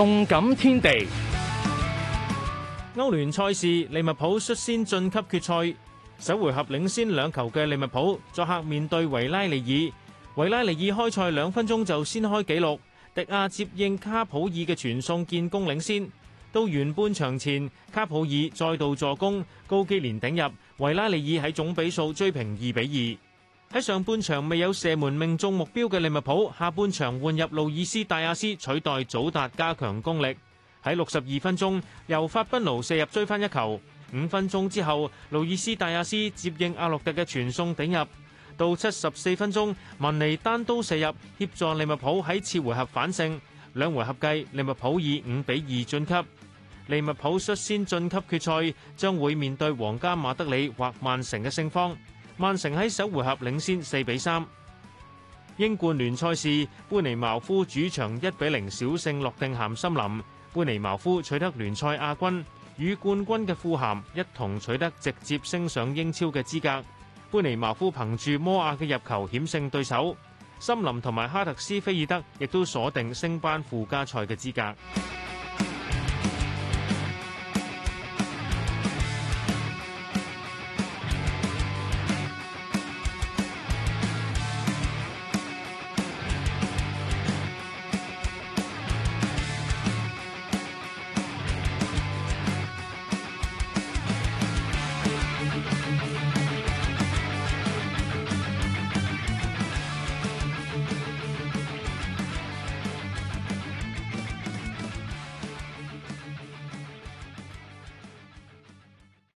動感天地，歐聯賽事，利物浦率先晉級決賽。首回合領先兩球嘅利物浦，作客面對維拉利爾。維拉利爾開賽兩分鐘就先開紀錄，迪亞接應卡普爾嘅傳送建功領先。到完半場前，卡普爾再度助攻，高基連頂入，維拉利爾喺總比數追平二比二。喺上半場未有射門命中目標嘅利物浦，下半場換入路易斯大亞斯取代祖達加強攻力。喺六十二分鐘由法賓奴射入追翻一球，五分鐘之後路易斯大亞斯接應阿諾特嘅傳送頂入，到七十四分鐘文尼單刀射入協助利物浦喺次回合反勝，兩回合計利物浦以五比二晉級。利物浦率先晉級決賽，將會面對皇家馬德里或曼城嘅勝方。曼城喺首回合領先四比三。英冠聯賽是貝尼茅夫主場一比零小勝洛定咸森林，貝尼茅夫取得聯賽亞軍，與冠軍嘅富咸一同取得直接升上英超嘅資格。貝尼茅夫憑住摩亞嘅入球險勝對手，森林同埋哈特斯菲爾德亦都鎖定升班附加賽嘅資格。